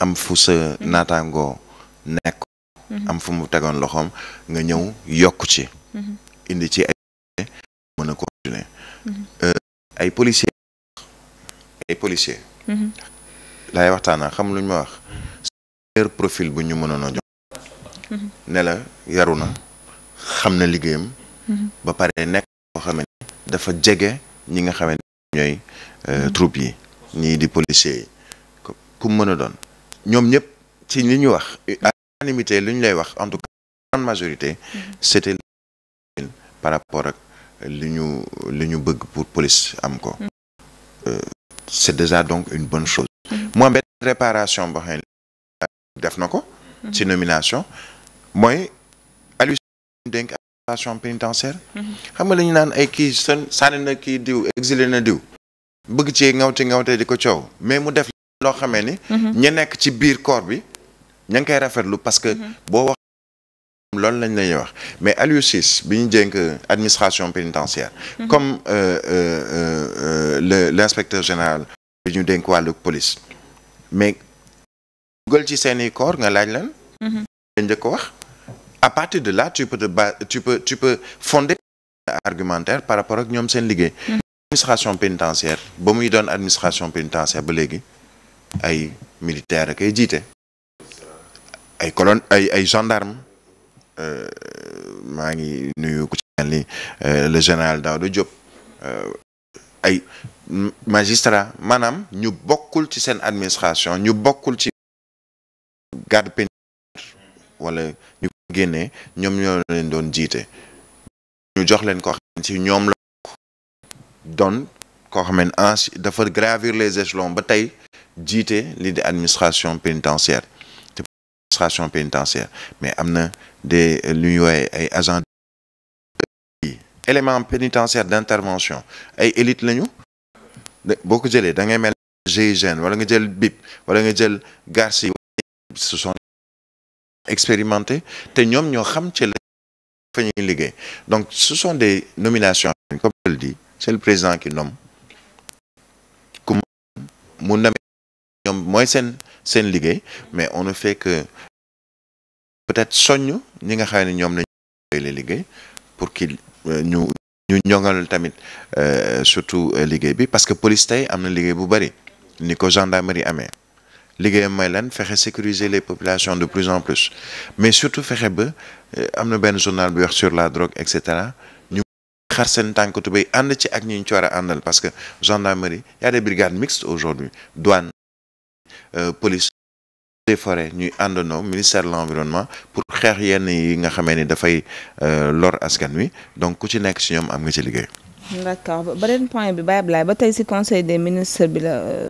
am fu sa mhm. naataangoo nekk mhm. am fu mu tegoon loxoom nga ñëw yokk ci mhm. indi ci ay mën a continuer euh, ay waxtaana xam luñ ma wax leur profil bu ñu mënoon a jox ne la yaru na xam na liggéeyam ba pare nekk koo xam ne dafa jege ñi nga xam ne ñooy euh, troupe yi ñii di policier yi ku mën a doon ñoom ñëpp ci li ñu wax unanimité li ñu lay wax en tout cas grande majorité mm-hmm. c'était par rapport ak li ñu li ñu bëgg pour police am ko mm-hmm. euh, c'est déjà donc une bonne chose mu am mm-hmm. benn réparation boo xam dénk administration pénitentiaire na kii diw exilé na diw bëgg ci ngawte ngawte di ko coow mais mu def loo xamee ni. Mhm. ña nekk ci biir corps bi ña ngi koy rafetlu parce que mhm. boo wax loolu lañ lay wax mais Aliou Ciss bi ñu jënk administration pénitentiaire mhm. comme euh, euh, euh, le l'inspecteur général bi ñu dénk wàllu police mais dugal ci seeni corps nga laaj lan lañ njëkk ko wax à partir de là tu de te ba tu peux tu peux fonder argumentaire par rapport ak ñoom seen liggéey administration pénitentiaire ba muy doon administration pénitentiaire ba léegi ay militaire a koy jiite ay colonne ay ay gendarme euh, maa ngi nuyu ku ci ni euh, le général Daouda Diop euh, ay magistrat maanaam ñu bokkul ci seen administration ñu bokkul ci garde pénitentiaire wala ñu génnee ñoom ñoo leen doon jiite ñu jox leen ko xam ci ñoom la doon koo xam ne dafa gravir les échelons ba tey jiite lii de administration pénitentiaire te administration pénitentiaire mais am na de lu ñu ay agents yi élément pénitentiaire d'intervention ay élite lañu boo ko jëlee da ngay mel GIGN wala nga jël BIP wala nga jël Garci ce sont te ñoom ñoo xam ci la fa liggéey donc ce sont des nominations comme je le dis c'est président qui nomme ku mu nomme ñoom mooy seen seen liggéey mais on ne fait que peut-être soññ ñi nga xam ne ñoom lañ la liggéey pour qu'il euh, ñu ñu ñoŋal tamit euh, surtout euh, liggéey bi parce que police tey am na liggéey bu bari ni ko gendarmerie amee liggéeyam mooy lan fexe sécuriser les populations de plus en plus mais surtout fexe ba am na benn journal bi wax sur la drogue et cetera ñu xar seen tànk tubéy ànd ci ak ñu ñu ci war a àndal parce que gendarmerie y a des brigades mixtes aujourd'hui Euh, police des forêts ñuy àndandoo ministère de l'environnement pour xeex yenn yi nga xamee ni dafay euh, lor askan wi donc ku ci nekk ci ñoom am nga ci liggéey. d'accord beneen point bi Baye Ablaye ba tey ci conseil des ministres bi la. Euh,